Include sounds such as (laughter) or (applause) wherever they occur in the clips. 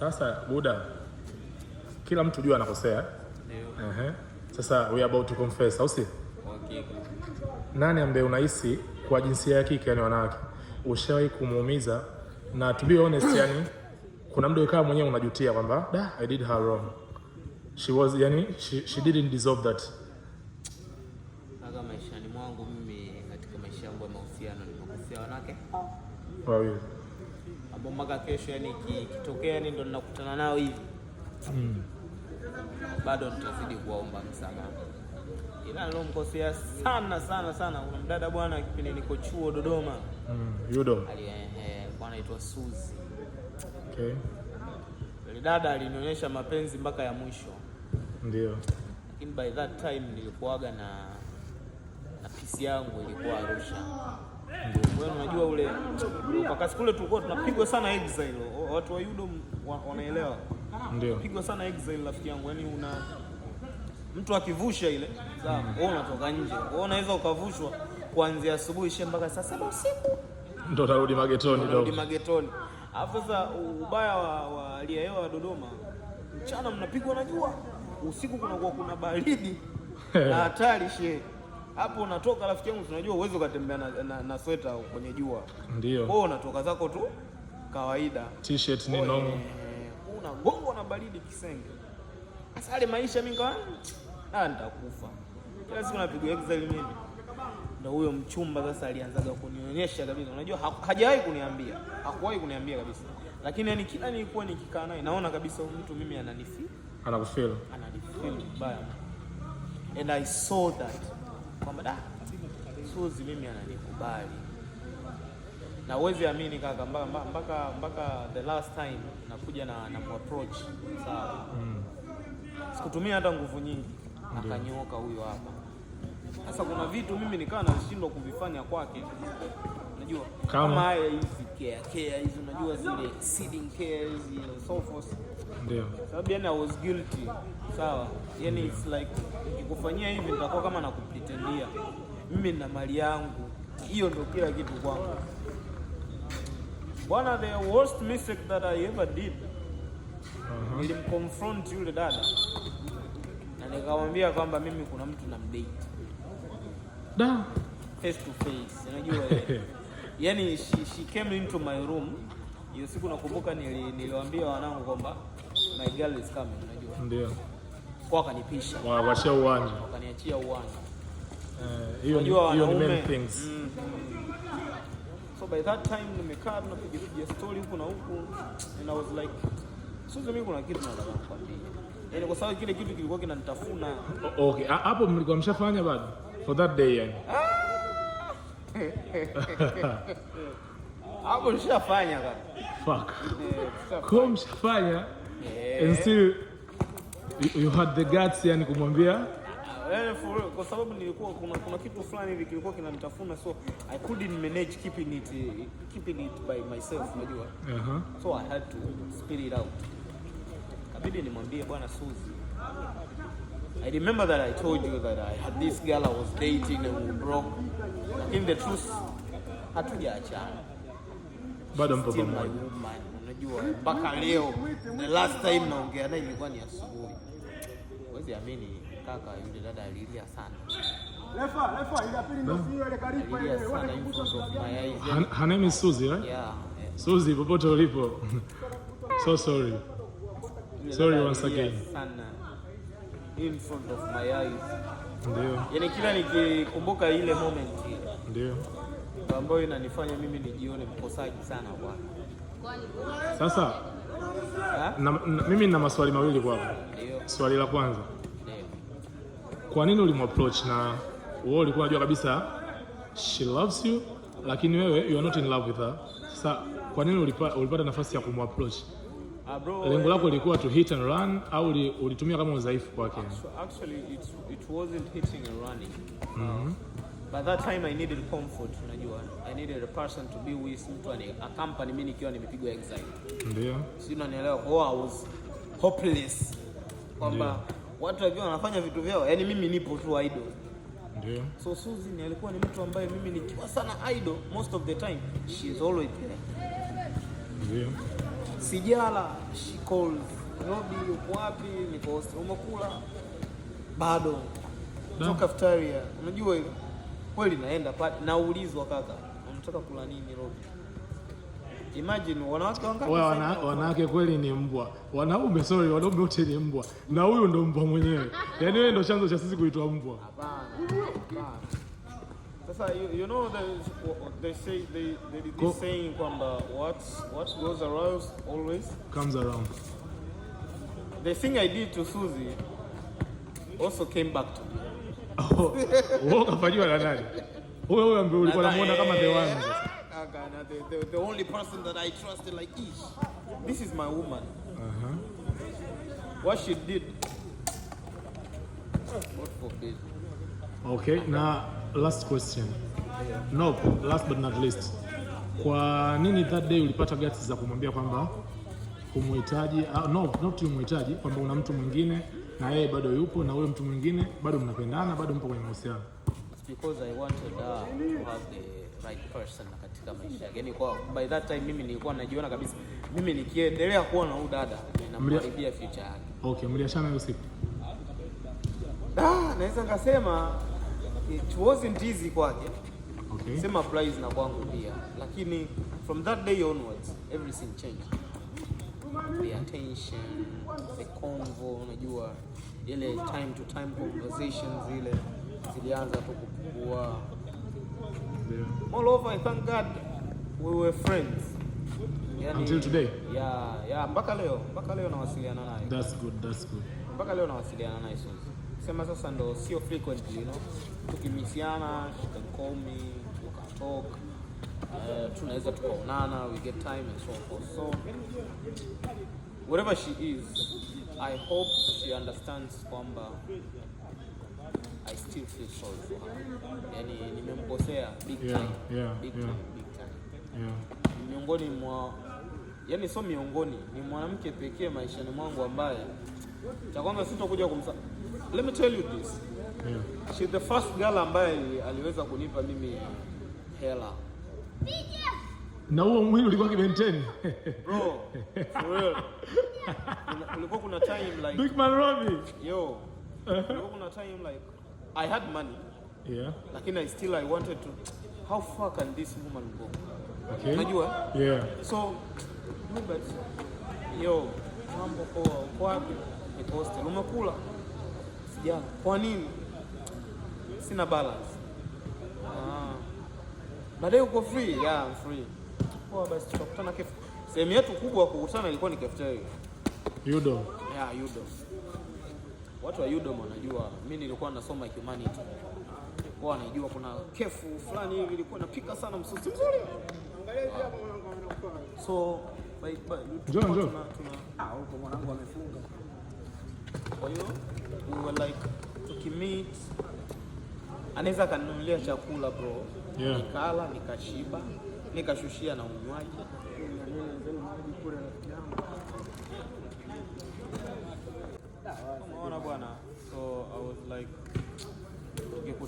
Sasa buda, kila mtu jua anakosea. Ndio. Ehe. Sasa we are about to confess, au si? Okay. Nani ambaye unahisi kwa jinsia ya kike, yani wanawake, ushawahi kumuumiza na to be honest, yani kuna mtu ukawa mwenyewe unajutia kwamba da, I did her wrong. She was yani she, she didn't deserve that. Aga, maishani mwangu mimi, katika maisha yangu ya mahusiano nimekosea wanawake wawili ambao mpaka kesho yani kitokea yani ndo ninakutana nao hivi mm. bado nitazidi kuwaomba msamaha, ila nilomkosea sana sana sana kuna mdada bwana, kipindi niko chuo Dodoma mm. Yudo alikuwa eh, eh, anaitwa Suzi okay. dada alinionyesha mapenzi mpaka ya mwisho ndio, lakini by that time nilikuwaga na na pisi yangu ilikuwa Arusha wewe unajua ule pakasi kule tulikuwa tunapigwa sana exile. Watu wa Yudo wanaelewa. Ndio. Pigwa sana exile rafiki yangu. yani una mtu akivusha ile, sawa. Wewe unatoka nje. Wewe unaweza ukavushwa kuanzia asubuhi shee mpaka saa saba usiku. Ndio tarudi magetoni ndio. Tarudi magetoni. Alafu sasa ubaya wa, wa hali ya Dodoma. Mchana mnapigwa na jua. Usiku kunakuwa kuna baridi. (laughs) Na hatari shee hapo unatoka, rafiki yangu, tunajua uwezo ukatembea na, na, na sweta kwenye jua, ndio wewe unatoka zako tu kawaida t-shirt ni normal, una gongo na baridi kisenge. Sasa ile maisha mimi kwa ah, nitakufa kila siku napigwa exile mimi. Ndio huyo mchumba sasa alianzaga kunionyesha kabisa, unajua ha hajawahi kuniambia, hakuwahi kuniambia kabisa, lakini yani kila nilikuwa nikikaa naye naona kabisa mtu mimi ananifi, anakufeel, ananifeel mbaya, and I saw that kwamba da Suzi mimi ananikubali, na uwezi amini kaka, mpaka mpaka mpaka the last time nakuja na na approach sawa, mm. sikutumia hata nguvu nyingi, akanyoka huyo hapa. Sasa kuna vitu mimi nikawa nashindwa kuvifanya kwake, unajua kama haya hizi care care hizi, unajua zile seeding care hizi so forth, ndio sababu yani I was guilty sawa, yani it's like nikikufanyia hivi nitakuwa kama naku kunitendia mimi, na mali yangu hiyo ndio kila kitu kwangu One of The worst mistake that I ever did uh -huh. yule dada na nikamwambia kwamba mimi kuna mtu na mdate da face to face, unajua eh? (laughs) yani she, she came into my room hiyo siku nakumbuka, nili, niliwaambia wanangu kwamba my girl is coming, unajua ndio kwa, wakanipisha washa uwanja, wakaniachia uwanja Eh, hiyo ni main things. Mm. So by that time nimekaa tunapiga story huku na huku and I was like sasa mimi kuna kitu nataka kukwambia. Yaani kwa sababu kile kitu kilikuwa kinanitafuna. Okay, hapo mlikuwa mshafanya bado for that day yani. Ah! (laughs) Hapo mshafanya kaka. Fuck. Eh, kwa mshafanya and eh. still you, you had the guts yani kumwambia yani for kwa sababu nilikuwa kuna, kuna kitu fulani hivi kilikuwa kinanitafuna so I couldn't manage keeping it keeping it by myself unajua. Uh -huh. So I had to spill it out. Kabidi nimwambie bwana Suzi. I remember that I told you that I had this girl I was dating and we broke. In the truth hatujaachana. Bado mpo pamoja. Unajua mpaka leo the last time naongea naye ilikuwa ni asubuhi. Huwezi amini kaka yule dada alilia sana. Lefa, lefa, ile pili ndio sio ile karibu ile. Wote kumbuka. Her name is Suzy, right? Yeah. Suzy popote ulipo. (laughs) So sorry. Sorry once again. Sana. In front of my eyes. Ndio. Yaani kila nikikumbuka ile moment Ndio. Ambayo inanifanya mimi nijione mkosaji sana bwana. Sasa na, na, mimi nina maswali mawili kwako. Swali la kwanza kwa nini ulimapproach na wewe ulikuwa unajua kabisa she loves you, lakini wewe you are not in love with her. Sasa kwa nini ulipa, ulipata nafasi ya kumapproach? Ah, Lengo eh, lako lilikuwa to hit and run au ulitumia kama udhaifu kwake? Actually it wasn't hitting and running. mm that time I needed comfort, unajua. I needed a person to be with, mtu ani accompany mimi nikiwa nimepigwa anxiety. Ndio. Sio, unanielewa? Oh, I was hopeless. Kwamba watu wakiwa wanafanya vitu vyao, yani mimi nipo tu idol. Ndio. So ni alikuwa ni mtu ambaye mimi nikiwa sana idol most of the time she is always there. Ndio. Sijala she calls. Robi yuko wapi? Niko hostel. Umekula? Bado. Toka Aftaria. Unajua hilo. Kweli naenda pale naulizwa kaka, unataka kula nini Robi? Imagine wanawake wangapi? Wewe wana, wanawake kweli ni mbwa. Wanaume sorry, wanaume wote ni mbwa. Na huyu ndo mbwa mwenyewe. Yaani wewe ndo chanzo cha sisi kuitwa mbwa. Hapana. Sasa you, you know the, they say they they did this saying kwamba what what goes around always comes around. The thing I did to Suzy also came back to me. Oh, wewe kafanywa na nani? Wewe ambaye ulikuwa unamwona kama the eh, one the, the, the only person that I trusted, like, Ish, this is my woman. Uh-huh. What she did, God forbid. Okay, now, last question. No, last but not least. Kwa nini that day ulipata gati za kumwambia kwamba humuhitaji, uh, no, not humuhitaji, kwamba una mtu mwingine na yeye bado yupo na huyo mtu mwingine bado mnapendana, bado mpo kwenye mahusiano? It's because I wanted her to have the right person katika maisha yake. Yaani kwa by that time mimi nilikuwa najiona kabisa mimi nikiendelea kuwa na huyu dada namharibia future yake. Okay, mliachana hiyo siku. Ah, naweza ngasema it wasn't easy kwake. Okay. Sema prize na kwangu pia. Lakini from that day onwards everything changed. The attention, the convo, unajua ile time to time conversations zile zilianza tu kupungua. Moreover, I thank God we were friends. Yani, until today. Yeah, yeah, mpaka leo, mpaka leo nawasiliana naye. That's good, that's good. Mpaka leo nawasiliana naye so. Sema sasa ndo sio frequently, you know. Tukimisiana, she can call me, we can talk. Uh, tunaweza tukaonana, we get time and so forth. So wherever she is, I hope she understands kwamba I still feel sorry for her. Yani nimemkosea big yeah, time. Yeah, big yeah. time, big time. Yeah. Miongoni mwa yani sio miongoni ni mwanamke pekee maishani mwangu ambaye cha kwanza sitokuja kumsa. Let me tell you this. Yeah. She's the first girl ambaye aliweza kunipa mimi hela. Na huo mwili ulikuwa kimenteni. Bro. For real. Ulikuwa kuna time like Big Man Robbie. Yo. Ulikuwa kuna time like I had money. Yeah. Lakini I still I wanted to how far can this woman go? Okay. Unajua? Yeah. So but yo mambo poa uko wapi? Niko hostel. Umekula? Sijala. Kwa nini? Sina balance. Ah. Baadaye uko free? Yeah, I'm free. Poa basi tutakutana kefu. Sehemu yetu kubwa kukutana ilikuwa ni cafeteria. Yudo. Yeah, Yudo watu wa UDOM wanajua, mi nilikuwa nasoma humanity, kwa wanajua kuna kefu fulani hivi ilikuwa napika sana msusi mzuri, angalia hivi hapo mwanangu anakuwa so by by John John, ah, huko mwanangu amefunga. Kwa hiyo we were like tukimeet, anaweza kaninunulia chakula bro, yeah. Nikala nikashiba, nikashushia na unywaji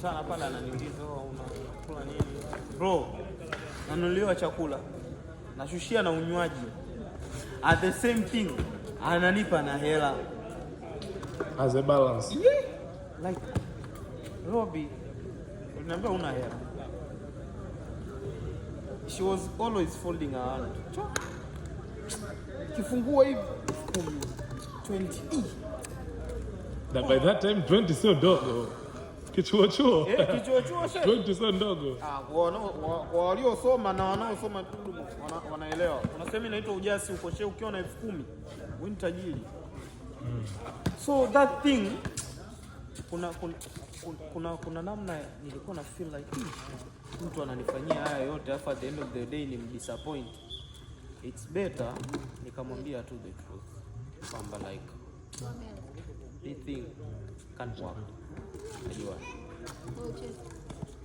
tunakutana pale, ananiuliza unakula nini? Bro, nanuliwa chakula, nashushia na unywaji, at the same thing ananipa na hela as a balance. Yeah. Like Robi, unaniambia una hela. She was always folding her hand. Kifungua hivi 20. Na by that time 20 sio dogo kichuo kichuochuo eh, kichuochuo sio ndogo. Kwa ah, waliosoma na wanaosoma tu wanaelewa. Kuna sehemu inaitwa ujasi uko shee, ukiwa na elfu kumi wewe ni tajiri. So that thing kuna kuna kuna, kuna namna nilikuwa na feel like hmm, mtu ananifanyia haya yote afa, at the end of the day ni mdisappoint. It's better nikamwambia tu the truth kwamba like this thing can't work Najua.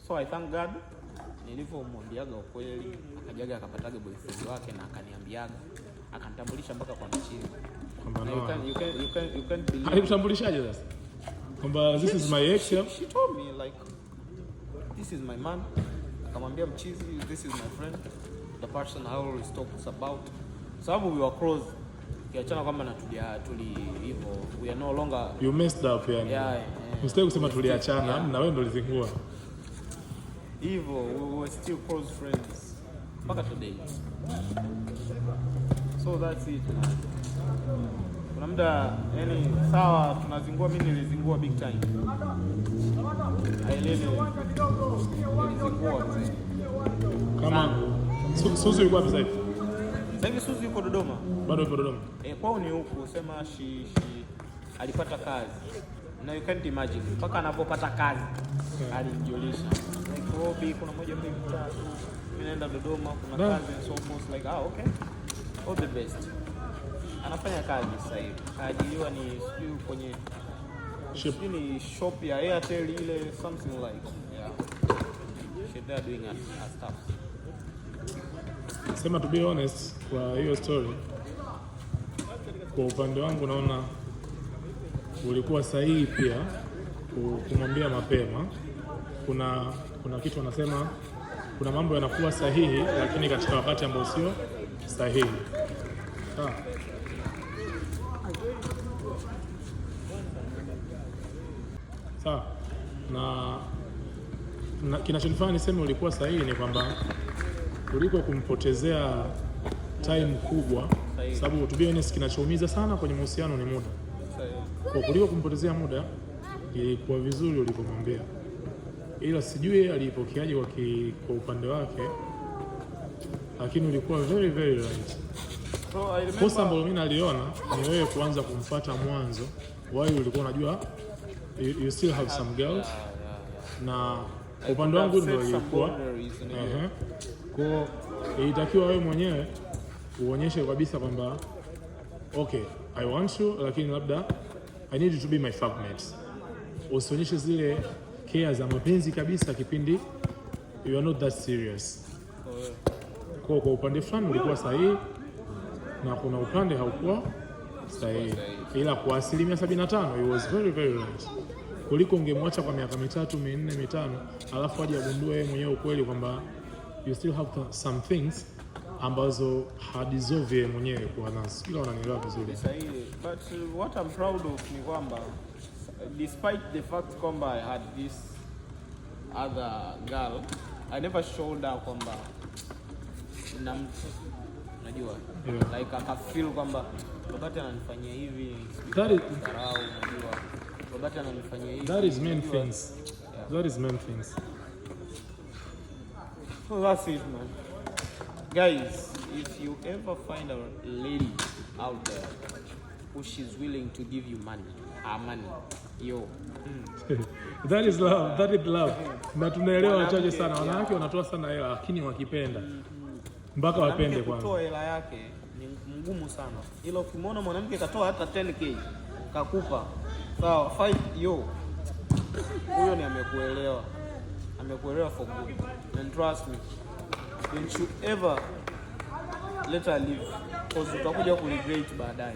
So I thank God nilivyomwambiaga ukweli, akajaga akapataga boyfriend wake na akaniambiaga, akanitambulisha mpaka kwa mchini. Alimtambulishaje sasa? Kwamba this is my ex. She told me like this is my man. Akamwambia mchizi, this is my friend. The person I always talk about. Sababu we were close. Kiachana kwamba na tuli hivyo. We are no longer. You messed up yani. Yeah. Msitaki kusema tuliachana, na wewe ndio ulizingua hivyo. We were still close friends mpaka today, so that's it. Kuna muda yani, sawa, tunazingua. Mimi nilizingua big time, kama Suzu yuko wapi sasa Sasa hivi Suzu yuko Dodoma, bado yuko Dodoma. Eh, kwao ni huku, sema shi alipata kazi na you can't imagine mpaka anapopata kazi alijulisha like Robi, oh, kuna moja mbili tatu, inaenda Dodoma, kuna kazi so almost like ah, okay all the best. Anafanya kazi sasa hivi, ajiliwa ni sijui kwenye ship ni shop ya Airtel ile something like yeah, she there doing a stuff. Sema to be honest, kwa hiyo story, kwa upande wangu naona ulikuwa sahihi pia kumwambia mapema. Kuna kuna kitu wanasema, kuna mambo yanakuwa sahihi lakini katika wakati ambao sio sahihi. Ha. Sawa. Na, na kinachonifanya niseme ulikuwa sahihi ni kwamba kuliko kumpotezea time kubwa, sababu to be honest, kinachoumiza sana kwenye mahusiano ni muda. Kwa kuliko kumpotezea muda, ilikuwa vizuri ulivyomwambia, ila sijui aliipokeaje kwa, kwa upande wake, lakini ulikuwa very very right. Kosa ambalo mimi naliona ni wewe kuanza kumfuata mwanzo, wai ulikuwa unajua you, you still have some girls na upande wangu ndio ilikuwa uh-huh. kwa ilitakiwa wewe mwenyewe uonyeshe kabisa kwamba okay I want to, lakini labda I need to be my mates. Usionyeshe zile care za mapenzi kabisa kipindi you are not that serious. Kwa kwa upande fulani ulikuwa sahihi na kuna upande haukuwa sahihi, ila kwa asilimia 75 it was very very right kuliko ungemwacha kwa miaka mitatu minne mitano, alafu aje agundue mwenyewe ukweli kwamba you still have some things ambazo hadisolve mwenyewe kuwa nazo, ila wananielewa vizuri. But what I'm proud of ni kwamba despite the fact kwamba I had this other girl I never showed her kwamba na mtu kwamba hivi, hivi. That is main things. That is main things. that's it man. Guys, if you ever find a lady out there who she's willing to give you money, her money, yo. Mm. (laughs) That is love, that is love. Na tunaelewa wachache sana wanawake wanatoa sana hela lakini wakipenda mpaka wapende kwanza. Kutoa hela yake ni ngumu sana. Ila ukimwona mwanamke katoa hata 10k kakupa. Sawa, so, fight yo. Huyo ni amekuelewa. Amekuelewa for good. And trust me. Don't should ever let her leave because utakuja ku regret baadaye.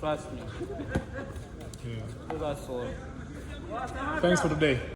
Trust me. Yeah. That's all. Thanks for today.